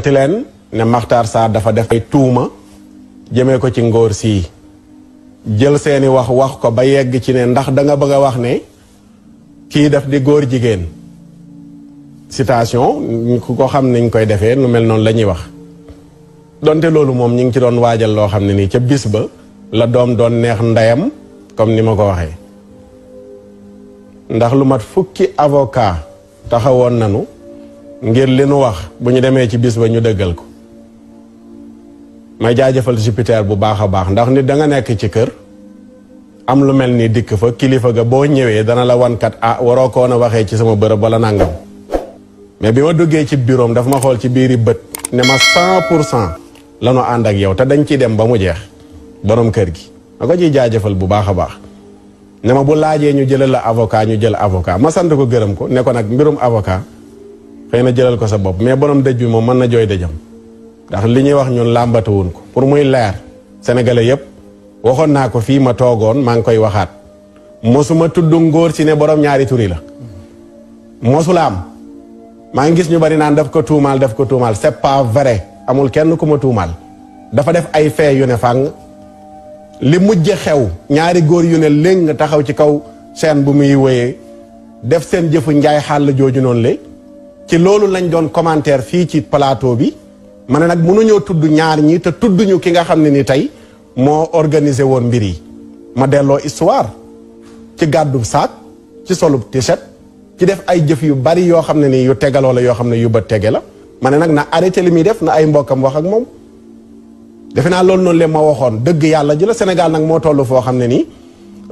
ti leen ne Makhtar Sarr dafa def ay tuuma jëmee ko ci ngóor sii jël seeni wax wax ko ba yegg ci ne ndax danga nga bëgg a wax ne kii def di góor jigéen citation ku ko xam nañ koy defee lu mel noonu la ñuy wax donte loolu moom ñi ngi ci doon waajal loo xam ne nii ca bis ba la doom doon neex ndeyam comme ni ma ko waxee ndax lu mat fukki avocat taxawoon nanu ngir li nu wax bu ñu demee ci bis ba ñu dëggal ko may jaajëfal Jupiter bu baax a baax ndax nit da nga nekk ci kër am lu mel ni dikk fa kilifa ga boo ñëwee dana la wankat ah waroo koon a waxee ci sama bërëb wala nangam mais bi ma duggee ci biroom daf ma xool ci biir biiri bët ne ma cent pour cent la nu ànd ak yow te dañ ciy dem ba mu jeex borom kër gi ma ciy jaajëfal bu baax a baax ne ma bu laajee ñu jëlal la avocat ñu jël avocat ma sant ko gërëm ko ne ko nag mbirum avocat xëy na jëlal ko sa bopp mais borom dëj bi moom mën na jooy dëjam ndax li ñuy wax ñun làmbatuwun ko pour muy leer sénégalais yépp waxoon naa ko fii ma toogoon maa ngi koy waxaat mosuma tudd ngóor si ne borom ñaari turi la mosula am maa ngi gis ñu bari naan daf ko tuumaal daf ko tuumaal c'est pas vrai amul kenn ku ma tuumaal dafa def ay fee yu ne fàng li mujj xew ñaari góor yu ne léng taxaw ci kaw seen bu muy wéyee def seen jëfu njaay xàll jooju noonu léegi ci loolu lañ doon commentaire fii ci plateau bi ma ne nag mënuñoo tudd ñaar ñi te tudd ñu ki nga xam ne ni tey moo organisé woon mbir yi ma delloo histoire ci gàddu saak ci solub t-shirt ci def ay jëf yu bari yoo xam ne ni yu tegaloo la yoo xam ne yu ba tege la ma ne nag na arrêté li muy def na ay mbokkam wax ak moom defe naa loolu noonu leen ma waxoon dëgg yàlla ji la Sénégal nag moo toll foo xam ne nii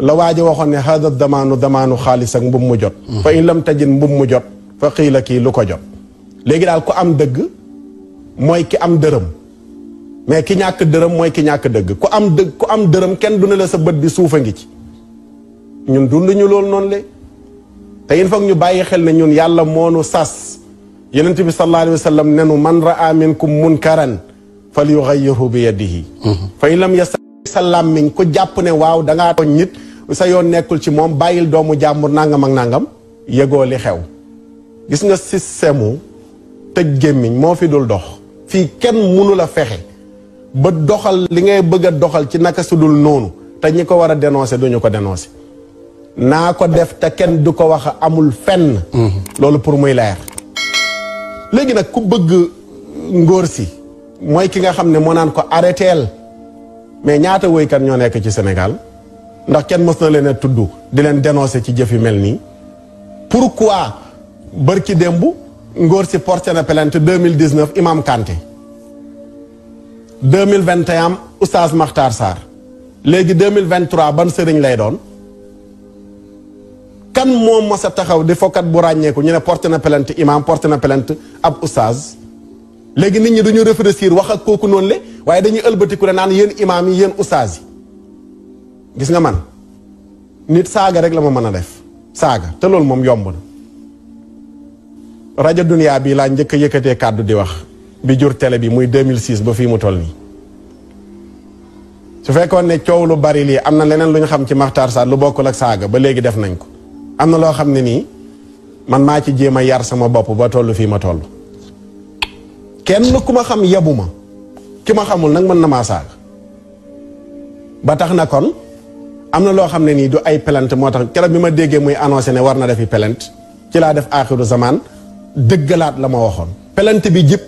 la waaja waxoon ne hada damaanu damaanu xaalis ak mbub mu jot fa lam tajin mbub mu jot fa xii kii lu ko jot léegi daal ku am dëgg mooy ki am dërëm mais ki ñàkk dërëm mooy ki ñàkk dëgg ku am dëgg ku am dërëm kenn du ne la sa bët bi suufa ngi ci ñun dund ñu loolu noon le te il faut ñu bàyyi xel ne ñun yàlla moonu sas yonent bi sallallahu alayhi wa sallam nenu man raa minkum munkaran fal yughayyiru bi yadihi mhm. fa in lam yasta sa làmmiñ ku jàpp ne waaw dangaa tooñ nit sa yoon nekkul ci moom bàyyil doomu jàmbur nàngam ak nangam yëgoo li xew gis nga système mu tëj gémmiñ moo fi dul dox fii kenn mënu la fexe ba doxal li ngay bëgg a doxal ci naka su dul noonu te ñi ko war a dénoncé duñu ko dénoncé naa ko def te kenn du ko wax amul fenn mhm. loolu pour muy leer léegi nag ku bëgg ngóor si mooy ki nga xam ne moo naan ko arrêteel mais ñaata woykat ñoo nekk ci Sénégal ndax kenn mës na leen a tudd di leen dénoncé ci jëf yu mel nii pour pourquoi bërki démb ngóor si porté na plainte 2019 imam Kanté 2021 oustaz Makhtar Sarr léegi 2023 ban sëriñ lay doon kan moom mos a taxaw di fokkat bu ràññeeku ñu ne porté na pelent imam porté na plainte ab oustaz léegi nit ñi duñu réfléchir wax ak kooku noonu le waaye dañuy ëlbatiku ne naan yéen imam yi yéen oustaz yi gis nga man nit saaga rek la ma mën a def saaga te loolu moom yomb na Raja dunia bi la ñëk yëkëté kaddu di wax bi jur télé bi muy 2006 ba fi mu toll ni su fekkone ne lu bari li amna leneen lu ñu xam ci maktar sa lu bokku lak saga ba légui def nañ ko amna lo xamni ni man ma ci jema yar sama bop ba toll fi ma toll kenn ku ma xam yabuma ma ki ma xamul nak man na ma saga ba tax na kon amna lo loo ni du ay plante motax tax bima bi muy annoncé ne war na defi plante ci la def akhiru zaman dëggalaat la ma waxoon pelante bi jëpp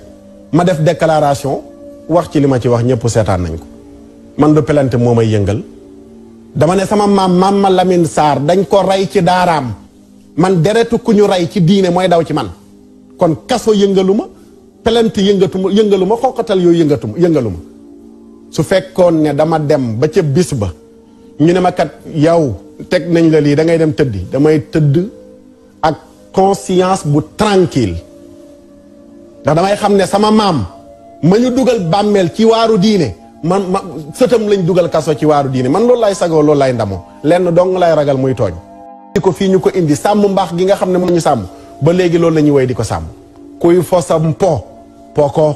ma def déclaration wax ci li ma ci wax ñëpp seetaan nañ ko man du pelante moo may yëngal dama ne sama maam maam ma Lamine saar dañ ko rey ci daaraam man deretu ku ñu rey ci diine mooy daw ci man kon kaso yëngalu ma pelante yëngatuma yëngalu ma xooqatal yooyu yëngatu yëngalu ma su fekkoon ne dama dem ba ca bis ba ñu ne ma kat yow teg nañ la lii da ngay dem tëddi damay tëdd conscience bu tranquille da damay xamne sama mam. ma ñu dugal bàmmeel ci waru diine man seutam lañ duggal kasso ci waru diine man lool lay sago lool lay ndamo lenn dong lay ragal muy togn di fi ñuko ko indi sam mbax gi nga xamne ne moom ñu sàmm ba legi lool lañu way diko sam kuy fo sam po po ko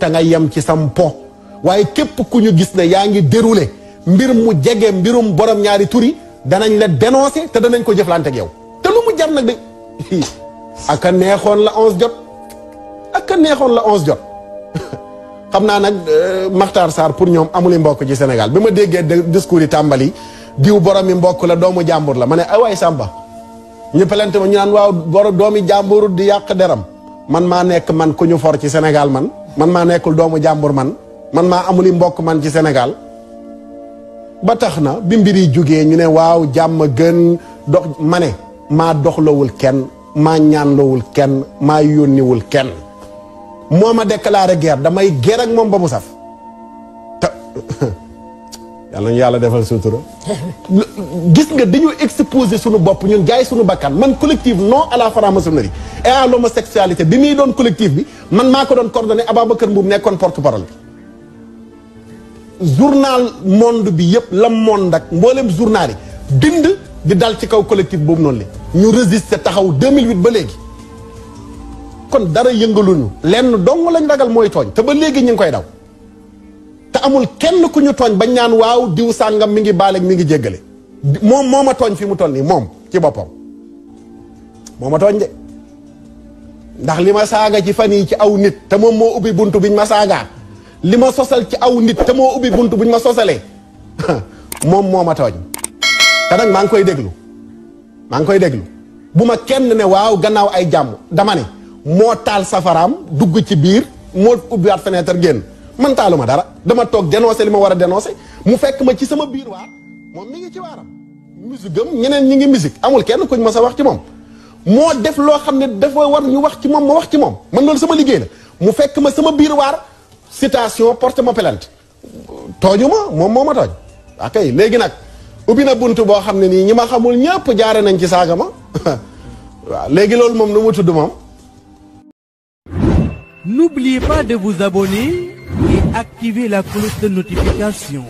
nga yam ci sam po waye kep ku ñu gis ne yaangi ngi déroulé mbir mu jégué mbirum borom ñaari turi danañ la dénoncer te danañ ko jëflanté ak yow te lu mu jar nak aka neexoon la ons jot aka neexoon la onze jot xam naa nag euh, Makhtar Sarr pour ñoom i mbokk ci Sénégal bi ma déggee discours yi tàmbali diw boromi mbokk la doomu jàmbur la ma ne ay waay Samba ñu pelante ma ñu naan waaw boro doomi jàmbur di yàq deram man maa nekk man ku ñu for ci Sénégal man man maa nekkul doomu jàmbur man man maa amuli mbokk man ci Sénégal ba tax na bi mbir yi jugee ñu ne waaw jàmm gën dox mane maa doxlawul kenn maa ñaanlawul kenn maa yónniwul kenn moom ma déclaré guerre damay guerre ak moom ba mu saf te yàlla ñu yàlla defal sutura gis nga dañu exposé sunu bopp ñun jaay suñu bakkan man collectif non à la franc-maçonnerie et à l'homosexualité bi muy doon collectif bi man maa ko doon coordonné Ababacar Mbuub nekkoon porte-parole bi journal monde bi yëpp la monde ak mboolem journal yi bind di dal ci kaw collectif boobu noonu la ñu résister taxaw 2008 ba léegi kon dara yëngaluñu lenn dong lañ ragal mooy tooñ te ba léegi ñu ngi koy daw te amul kenn ku ñu tooñ ba ñaan waaw diw sàngam mi ngi baaleeg mi ngi jéggale moom moo ma tooñ fi mu toll nii moom ci boppam moo ma tooñ de ndax li ma saaga ci fan yii ci aw nit te moom moo ubbi buntu biñ ma saagaa li ma sosal ci aw nit te moo ubbi buntu buñ ma sosalee moom moo ma tooñ te maa ngi koy déglu maa ngi koy déglu bu ma kenn ne waaw gannaaw ay jàmm dama ne moo taal safaraam dugg ci biir moo ubbiwaat fenêtre génn man taaluma dara dama toog dénoncé li ma war a dénoncé mu fekk ma ci sama biir waar moom mi ngi ci waaram musique am ñeneen ñi ngi musique amul kenn kuñ ma sa wax ci moom moo def loo xam ne dafa war ñu wax ci moom ma wax ci moom man loolu sama liggéey la mu fekk ma sama biir waar citation porte ma plainte ma moom moo ma tooñ ok léegi nag ubina buntu bunt boo xam ne nii xamul ñepp jaaré nañ ci sagama ma waaw léegi loolu mu N'oubliez pas de vous abonner et activer la cloche de notification.